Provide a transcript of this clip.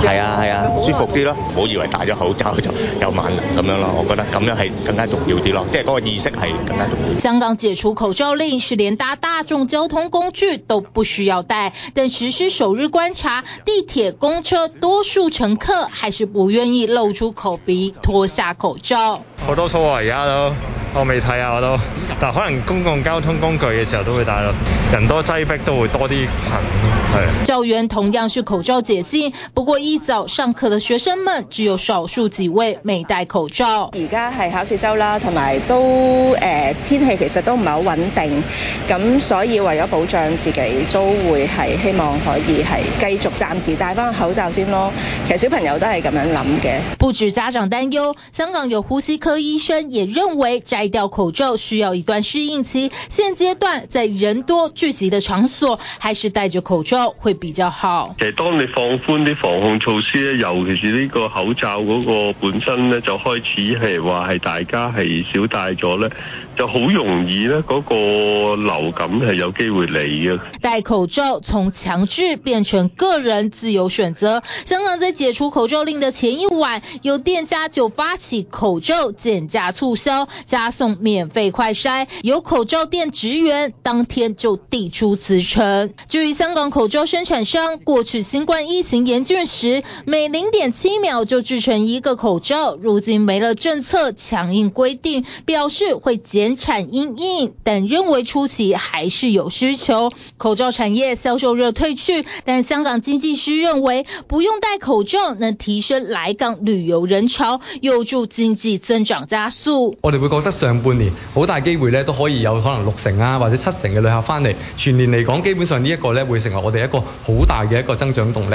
係啊係啊，啊，舒服啲咯，唔好以為戴咗口罩就有萬能咁樣咯，我覺得咁樣係更加重要啲咯，即係嗰個意識係更加重要。香港解除口罩令，是連搭大眾交通工具都不需要戴，但實施首日觀察，地鐵、公車多數乘客還是不願意露出口鼻，脫下口罩。好多數我而家都，我未睇啊，我都，但可能公共交通工具嘅時候都會戴咯，人多擠迫都會多啲勤。教員同樣是口罩解禁，不過一早上課的學生們只有少數幾位未戴口罩。而家係考試周啦，同埋都誒天氣其實都唔係好穩定，咁所以為咗保障自己，都會係希望可以係繼續暫時戴翻口罩先咯。其實小朋友都係咁樣諗嘅。不止家長擔憂，香港有呼吸科醫生也認為摘掉口罩需要一段適應期，現階段在人多聚集的場所還是戴着口罩會比較好。其實當你放寬啲防控措施咧，尤其是呢個口罩嗰個本身咧，就開始係話係大家係少戴咗咧。就好容易咧，嗰個流感係有機會嚟嘅。戴口罩從強制變成個人自由選擇，香港在解除口罩令的前一晚，有店家就發起口罩減價促銷，加送免費快篩，有口罩店職員當天就遞出辭呈。至於香港口罩生產商，過去新冠疫情嚴峻時，每零點七秒就製成一個口罩，如今沒了政策強硬規定，表示會減產陰影，但認為初期還是有需求。口罩產業銷售熱退去，但香港經濟師認為不用戴口罩能提升來港旅遊人潮，有助經濟增長加速。我哋會覺得上半年好大機會咧，都可以有可能六成啊或者七成嘅旅客翻嚟，全年嚟講基本上呢一個咧會成為我哋一個好大嘅一個增長動力。